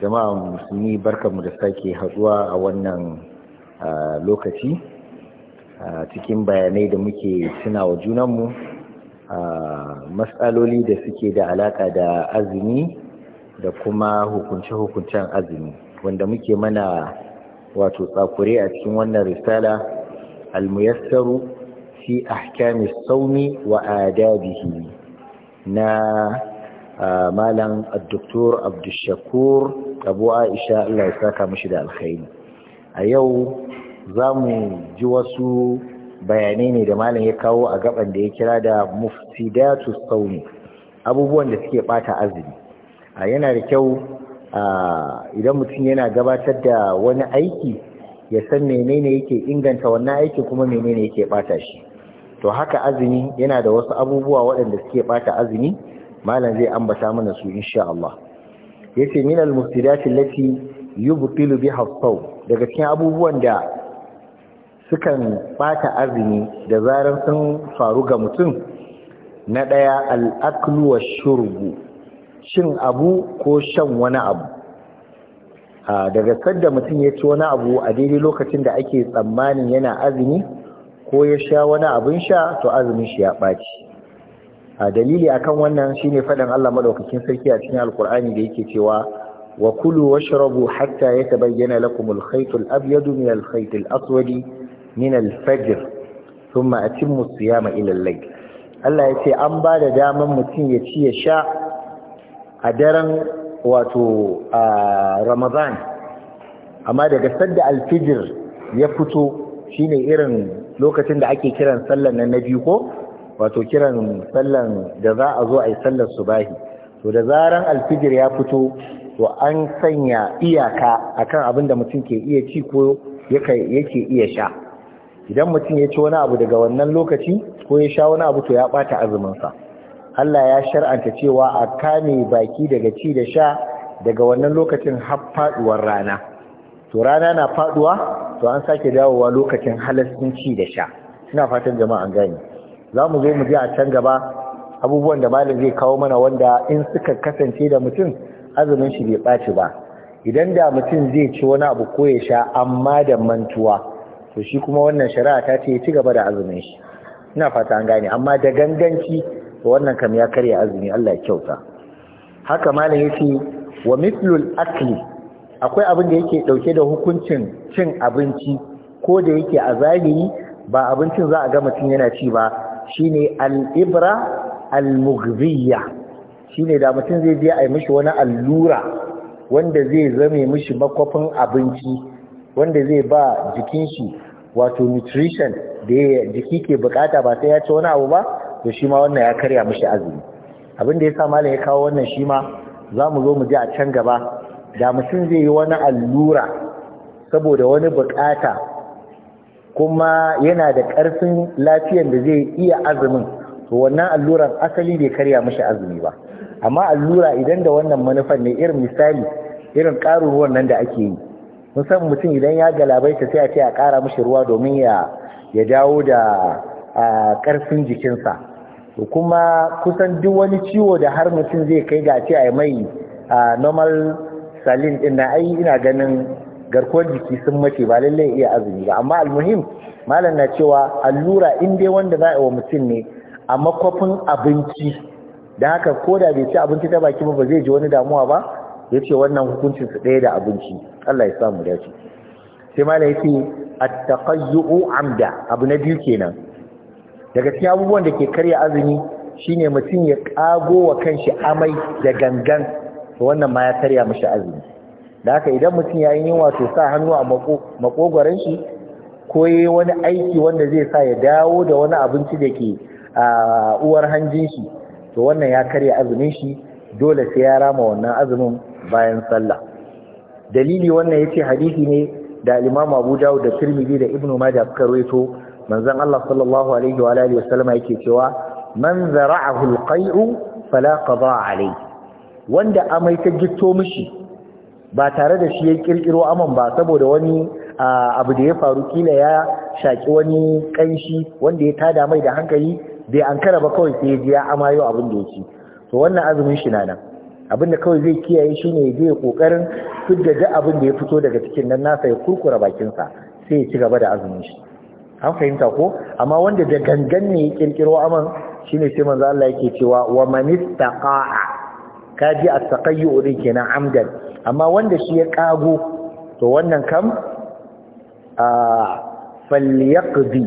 jama'a musulmi mu da sake haduwa a wannan lokaci cikin bayanai da muke tuna wa junanmu matsaloli da suke da alaka da azumi da kuma hukunce-hukuncen azumi wanda muke mana wato tsakure a cikin wannan risala almuyassaru fi ahkami saumi wa adabihi na malam addoktor abdushakur abu aisha allah ya saka mashi da alkhairi a yau za mu ji wasu bayanai ne da malam ya kawo a gaban da ya kira da mufsidatu sauni abubuwan da suke bata azumi a yana da kyau idan mutum yana gabatar da wani aiki ya san menene yake inganta wannan aiki kuma menene yake bata shi to haka azumi yana da wasu abubuwa waɗanda suke bata azumi malam zai ambata mana su insha Allah yace min al-muftidat allati yubtilu biha as daga cikin abubuwan da sukan bata azumi da zarar sun faru ga mutum na daya al-aklu wash-shurbu shin abu ko shan wani abu daga sadda mutum ya ci wani abu a daidai lokacin da ake tsammanin yana azumi ko ya sha wani abin sha to azumin shi ya ɓaci a dalili akan wannan shine faɗin Allah madaukakin sarki a cikin alkur'ani da yake cewa wa kulu washrabu hatta yatabayyana lakum al-khayt al-abyad min al-khayt al-aswad min al-fajr thumma atimmu siyama ila al-layl Allah an ba da daman mutum ya ci ya sha a daren wato a Ramadan amma daga sadda al ya fito shine irin lokacin da ake kiran sallar nan na biyu ko wato kiran sallan da za a zo a yi sallar su bahi, to da zaran alfijir ya fito to an sanya iyaka akan abin da mutum ke iya ci ko yake iya sha idan mutum ya ci wani abu daga wannan lokaci ko ya sha wani abu to ya bata azuminsa Allah ya shar'anta cewa a kame baki daga ci da sha daga wannan lokacin har faduwar rana to rana na faduwa to an sake dawowa lokacin halascin ci da sha ina fatan jama'a an gane za mu zo mu je a can gaba abubuwan da malam zai kawo mana wanda in suka kasance da mutum azumin shi bai ɓaci ba idan da mutum zai ci wani abu ko ya sha amma da mantuwa to shi kuma wannan shari'a ta ce ci gaba da azumin shi ina fata an gane amma da ganganci to wannan kam ya karya azumi Allah ya kyauta haka malam yace wa mithlul akli akwai abin da yake dauke da hukuncin cin abinci ko da yake a zahiri ba abincin za a ga mutum yana ci ba shine al-ibra al shi shine da mutum zai je a yi mishi wani allura wanda zai zame mishi makwafin abinci wanda zai ba jikin shi wato nutrition da jiki ke bukata ba sai ya ci wani abu ba to shi ma wannan ya karya mishi azumi abin da ya sa malam ya kawo wannan shi ma za mu zo mu je a can gaba da mutum zai yi wani allura saboda wani bukata kuma yana da ƙarfin lafiyan da zai iya azumin to wannan allurar asali bai karya mashi azumi ba amma allura idan da wannan manufan ne irin misali irin ƙarin ruwan nan da ake yi san mutum idan ya galabaita sai a ce a ƙara mashi ruwa domin ya ya dawo da ƙarfin jikinsa to kuma kusan duk wani ciwo da har mutum zai kai ga ce a mai normal saline ɗin na ai ina ganin garkuwar jiki sun mace ba lallai iya azumi ba amma almuhim malam na cewa allura in dai wanda za a wa mutum ne a makwafin abinci da haka ko da bai ci abinci ta baki ba zai ji wani damuwa ba ya ce wannan hukuncin su ɗaya da abinci Allah ya samu dace sai malam ya ce attaqayyu amda abu na biyu kenan daga cikin abubuwan da ke karya azumi shine mutum ya kago wa kanshi amai da gangan wannan ma ya karya mishi azumi da haka idan mutum ya yi yunwa to sa hannu a makogwaron shi ko yi wani aiki wanda zai sa ya dawo da wani abinci da ke a uwar hanjin shi to wannan ya karya azumin shi dole sai ya rama wannan azumin bayan sallah dalili wannan ya ce hadisi ne da Imam Abu Dawud da Tirmidhi da Ibn Majah suka rawaito manzon Allah sallallahu alaihi wa alihi wasallama yake cewa man zara'ahu alqai'u fala qada alayhi wanda amai ta gitto mishi ba tare da shi ya kirkiro aman ba saboda wani abu da ya faru kila ya shaki wani kanshi wanda ya tada mai da hankali bai ankara ba kawai sai ya ji ya amayo abin da ya ci to wannan azumin shi na nan abin da kawai zai kiyaye shi ne zai kokarin fidda duk abin da ya fito daga cikin nan nasa ya kurkura bakinsa sai ya ci gaba da azumin shi an fahimta ko amma wanda da gangan ne ya kirkiro aman shine sai manzo Allah yake cewa wa ka kaji at-taqayyu din kenan amdan amma wanda shi ya kago to wannan kam a falyaqdi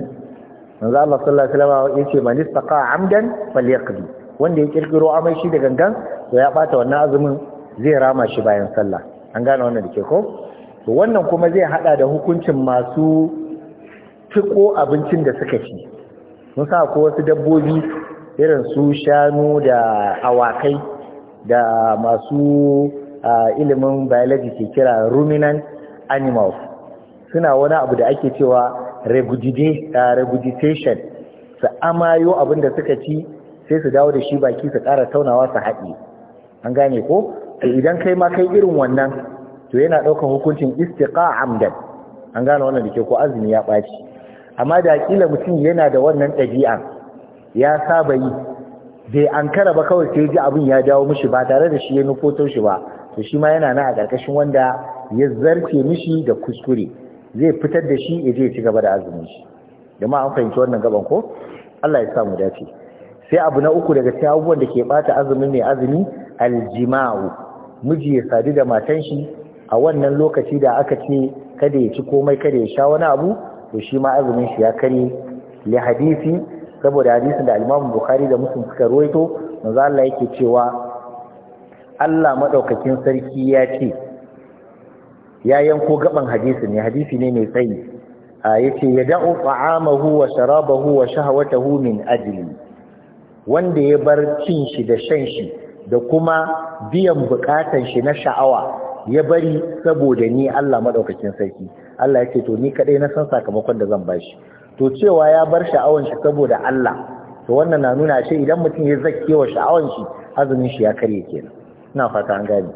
manzo Allah sallallahu alaihi wasallam yace man istaqa amdan falyaqdi wanda ya kirkiro amai shi da gangan to ya bata wannan azumin zai rama shi bayan sallah an gane wannan dake ko to wannan kuma zai hada da hukuncin masu tiko abincin da suka ci mun sa ko wasu dabbobi irin su shanu da awakai da masu A ilimin biology ke kira ruminant animals suna wani abu da ake cewa regurgitation su amayo abin da suka ci sai su dawo da shi baki su ƙara taunawa su haɗi, an gane ko to idan kai ma kai irin wannan to yana ɗaukar hukuncin istiqa amdan an gane wannan da ke ko azumi ya ɓaci amma da kila mutum yana da wannan ɗabi'an ya saba yi bai an kara ba kawai sai ji abin ya dawo mishi ba tare da shi ya nufoto shi ba to shi ma yana nan a ƙarƙashin wanda ya zarce mishi da kuskure zai fitar da shi ya je ci gaba da azumin shi Da ma an fahimci wannan gaban ko Allah ya samu dace sai abu na uku daga cikin abubuwan da ke bata azumin mai azumi aljima'u miji ya sadu da matan shi a wannan lokaci da aka ce kada ya ci komai kada ya sha wani abu to shi ma azumin shi ya kare li hadisi saboda hadisin da al-Imam Bukhari da Muslim suka ruwaito manzo Allah yake cewa Allah maɗaukakin sarki ya ce ya yanko gaban hadisi ne hadisi ne mai tsayi a yace ya da'u ta'amahu wa sharabahu wa shahawatahu min ajli wanda ya bar cin shi da shan shi da kuma biyan bukatan shi na sha'awa ya bari saboda ni Allah maɗaukakin sarki Allah ya ce to ni kaɗai na san sakamakon da zan ba shi to cewa ya bar sha'awan shi saboda Allah to wannan na nuna shi idan mutum ya zakke wa sha'awan shi azumin shi ya karye kenan ina fata an gani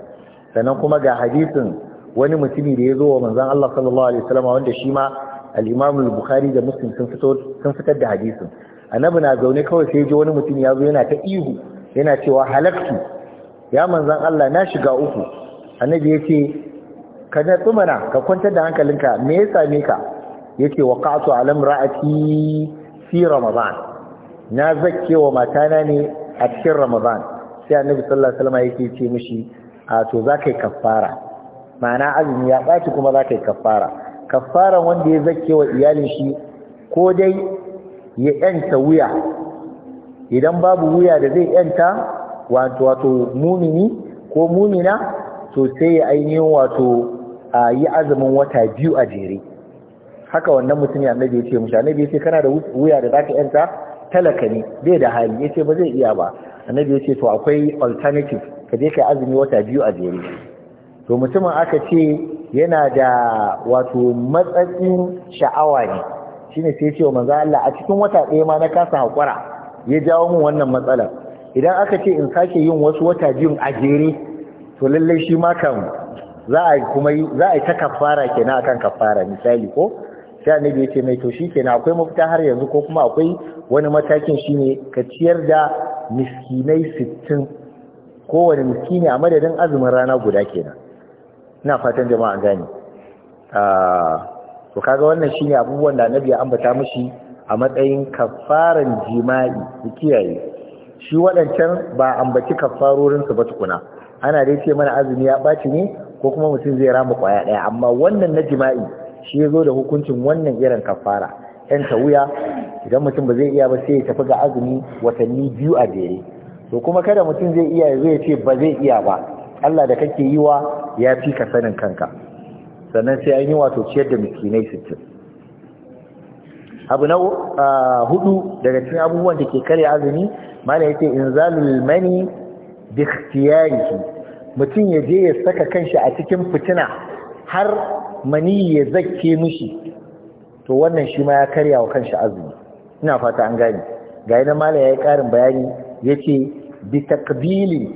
sannan kuma ga hadisin wani mutumi da ya zo wa manzon Allah sallallahu alaihi wasallam wanda shi ma al-Imam al-Bukhari da Muslim sun fito sun fitar da hadisin annabi na zaune kawai sai ya ji wani mutum ya zo yana ta ihu yana cewa halaktu ya manzon Allah na shiga uku annabi yace ka na tsumana ka kwantar da hankalinka me ya same ka yace waqa'tu ala imra'ati fi ramadan na zakke wa matana ne a cikin ramadan sai annabi sallallahu alaihi wasallam yake ce mishi a to za ka yi kaffara ma'ana azumi ya ɓaci kuma za ka yi kaffara kaffaran wanda ya zake wa iyalin shi ko dai ya yanta wuya idan babu wuya da zai yanta wato wato mumini ko mumina to sai ya ainihin wato a yi azumin wata biyu a jere haka wannan mutum ya annabi ya ce mushi annabi ya ce kana da wuya da za ka yanta talaka ne bai da hali ya ce ba zai iya ba annabi ya ce to akwai alternative ka je kai azumi wata biyu a jere to mutumin aka ce yana da wato matsatsin sha'awa ne shine sai ce wa manzo Allah a cikin wata ɗaya ma na kasa hakura ya jawo min wannan matsalar idan aka ce in sake yin wasu wata biyu a jere to lallai shi ma kan za a kuma za a ta kafara kenan akan kafara misali ko sai annabi ya ce mai to kenan akwai mafita har yanzu ko kuma akwai wani matakin shine ka ciyar da miskinai sittin kowane miskini a madadin azumin rana guda kenan ina fatan jama'a gani ah, to kaga wannan shine abubuwan da nabi ya ambata mashi a matsayin kafaran jima'i su kiyaye shi waɗancan ba ambaci kafarorinsu ba tukuna ana dai ce mana azumi ya ɓaci ne ko kuma mutum zai rama ƙwaya ɗaya amma wannan na jima'i shi ya zo da hukuncin wannan irin kafara yan ta wuya idan mutum ba zai iya ba sai ya tafi ga azumi watanni biyu a jere to kuma kada mutum zai iya zai ce ba zai iya ba Allah da kake yi wa ya fi ka sanin kanka sannan sai an yi wato ciyar da miskinai sittin abu na hudu daga cikin abubuwan da ke karya azumi mana yace inzalul mani bi ikhtiyarihi mutum ya je ya saka kanshi a cikin fitina har mani ya zakke mishi to wannan shi ma ya karya wa kanshi azumi ina fata an gane ga yana mala ya yi ƙarin bayani ya ce bi takbili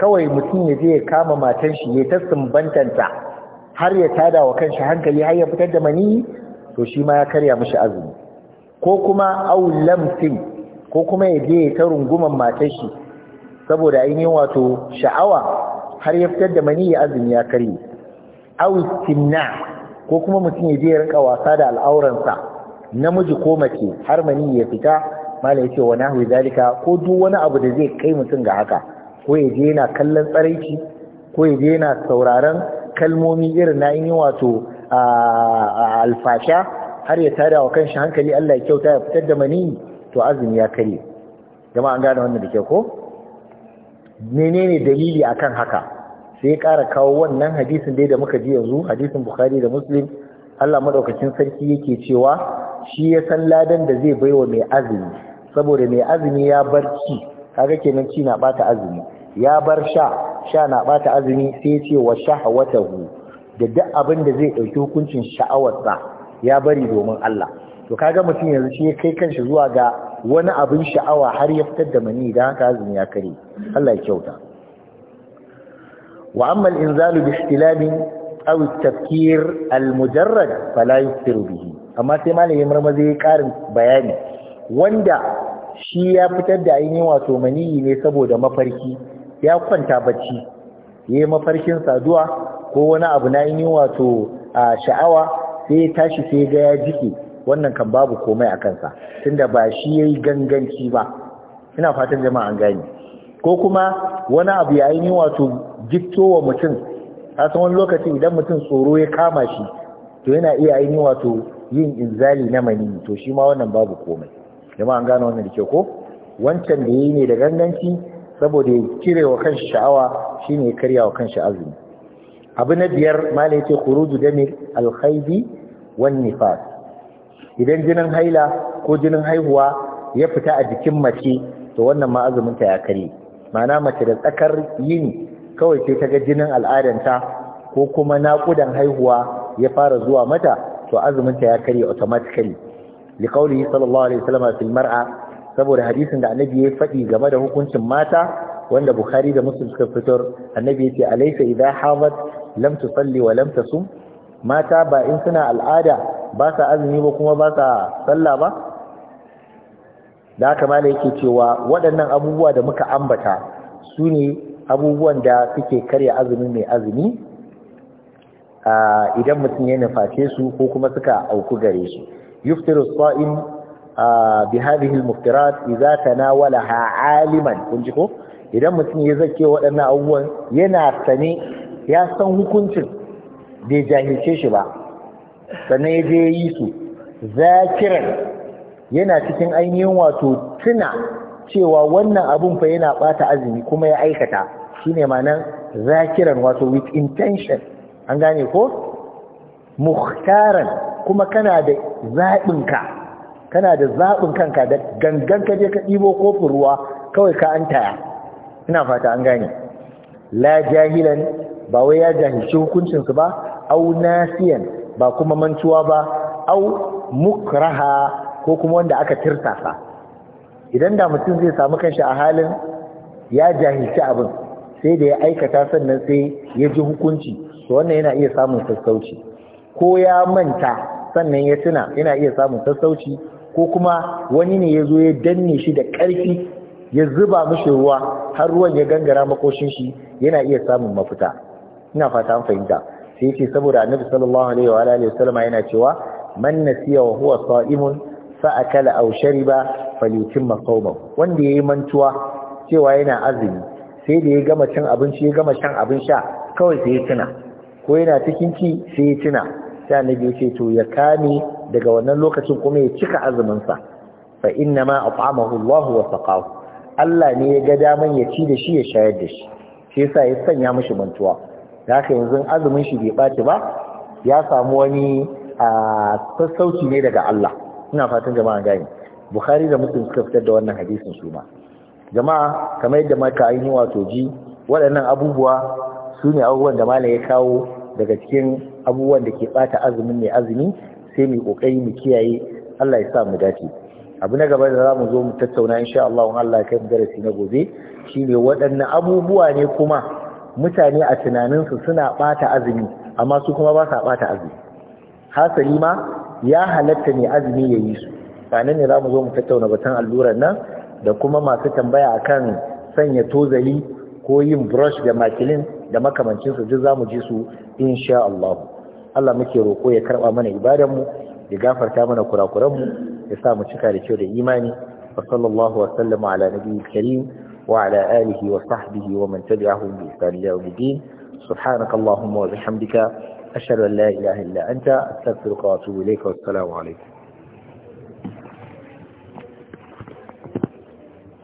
kawai mutum ya je ya kama matan shi ya ta bantanta, har ya tada wa kanshi hankali har ya fitar da mani to shi ma ya karya mashi azumi ko kuma au lamsin ko kuma ya je ta runguman matan shi saboda ainihin wato sha'awa har ya fitar da mani ya azumi ya karye au timna ko kuma mutum ya je ya rinka wasa da al'auransa namiji ko mace har mani ya fita malam yace wa nahu zalika ko duk wani abu da zai kai mutum ga haka ko ya je yana kallon tsaraici ko ya je yana sauraron kalmomi irin na yi wato alfasha har ya tada wa kanshi hankali Allah ya kyauta ya fitar da mani to azumi ya kare jama'a an gane wannan da ke ko menene dalili akan haka sai ya ƙara kawo wannan hadisin dai da muka ji yanzu hadisin bukhari da muslim allah maɗaukacin sarki yake cewa shi ya san ladan da zai baiwa mai azumi saboda mai azumi ya bar ci kaga kenan ci na bata azumi ya bar sha sha na bata azumi sai ce wa shahawatahu da duk abin da zai dauki hukuncin sha'awarsa ya bari domin Allah to kaga mutum yanzu shi ya kai kanshi zuwa ga wani abin sha'awa har ya fitar da mani da haka azumi ya kare Allah ya kyauta wa amma al-inzalu bi ihtilamin aw at-tafkir al-mujarrad fala yusiru bihi amma sai malamin marmazi ya karin bayani wanda shi ya fitar da ainihin wato maniyi ne saboda mafarki ya kwanta bacci yayi mafarkin saduwa ko wani abu na ainihin wato a sha'awa sai ya tashi sai ga ya jike wannan kan babu komai a kansa tunda ba shi yayi ganganci ba ina fatan jama'a an gane ko kuma wani abu ya ainihin wato jiktowa mutum a wani lokaci idan mutum tsoro ya kama shi to yana iya aini wato yin inzali na mani to shi ma wannan babu komai jama'a an gano wannan da ke ko wancan da yi ne da ganganci saboda ya cire wa kanshi sha'awa shine ya karya wa kanshi azumi abu na biyar mala yace kuruju dami alhaidi wan nifas idan jinin haila ko jinin haihuwa ya fita a jikin mace to wannan ma azuminta ya karye Mana mace da tsakar yini kawai sai ta ga jinin al'adanta ko kuma naƙudan haihuwa ya fara zuwa mata to azuminta ya karya automatically liqaulihi sallallahu alaihi wasallam fil mar'a saboda hadisin da annabi ya faɗi game da hukuncin mata wanda bukhari da muslim suka fitar annabi ya ce alaysa idha hamat lam tusalli wa lam tasum mata ba in suna al'ada ba sa azumi ba kuma ba sa sallah ba da haka mala yake cewa waɗannan abubuwa da muka ambata su ne abubuwan da suke karya azumi mai azumi idan mutum ya nuface su ko kuma suka auku gare shi yuftiru sa'im bi hadhihi al-muftirat idza tanawalaha aliman kun ji ko idan mutum ya zake waɗannan abubuwan yana sane ya san hukuncin bai jahilce shi ba sannan ya yi su zakiran yana cikin ainihin wato tuna cewa wannan abun fa yana bata azumi kuma ya aikata shine ma'anar zakiran wato with intention an gane ko muhtaran kuma kana da zaɓinka kana da zaɓin kanka da gangan ka je ka ɗibo kofin ruwa kawai ka an taya ina fata an gane la jahilan ba wai ya jahilci hukuncinsu ba au nasiyan ba kuma mantuwa ba au mukraha ko kuma wanda aka tirtasa. idan da mutum zai samu kanshi a halin ya jahilci abin sai da ya aikata sannan sai ya ji hukunci to wannan yana iya samun sassauci ko ya manta sannan ya tuna yana iya samun sassauci ko kuma wani ne ya zo ya danne shi da ƙarfi ya zuba mishi ruwa har ruwan ya gangara makoshin shi yana iya samun mafita ina fata an fahimta sai yace saboda annabi sallallahu alaihi wa alihi wasallam yana cewa man nasiya wa huwa sa'imun fa akala aw shariba falyutimma sawmahu wanda yayi mantuwa cewa yana azumi sai da ya gama cin abinci ya gama shan abin sha kawai sai ya tuna ko yana cikin ci sai ya tuna sai na ya ce to ya kame daga wannan lokacin kuma ya cika azumin sa fa inna ma at'amahu Allah wa saqahu Allah ne ya ga daman ya ci da shi ya shayar da shi shi yasa ya sanya mishi mantuwa da haka yanzu azumin shi bai bace ba ya samu wani a sassauci ne daga Allah ina fatan jama'a gani Bukhari da Muslim suka fitar da wannan hadisin su ma jama'a kamar yadda maka ainihin wato ji waɗannan abubuwa su ne abubuwan da malam ya kawo daga cikin abubuwan da ke ɓata azumin mai azumi sai mai ƙoƙari mu kiyaye Allah ya sa mu dace abu na gaba da za mu zo mu tattauna insha Allah in Allah kai mu darasi na gobe shi ne waɗannan abubuwa ne kuma mutane a tunaninsu suna ɓata azumi amma su kuma ba sa ɓata azumi hasali ma ya halatta ne azumi ya yi su sanan ne za mu zo mu tattauna batun allurar nan da kuma masu tambaya akan sanya tozali ko yin brush da makilin da makamancinsu duk za mu ji su insha Allah Allah muke roƙo ya karɓa mana ibadanmu ya gafarta mana kurakuranmu ya sa mu cika da kyau da imani wa sallallahu wa sallama ala nabiyyi karim wa ala alihi wa sahbihi wa man tabi'ahum bi ihsan ila yawmiddin subhanaka allahumma wa bihamdika ashhadu an la ilaha illa anta astaghfiruka wa atubu ilayka wa assalamu alaikum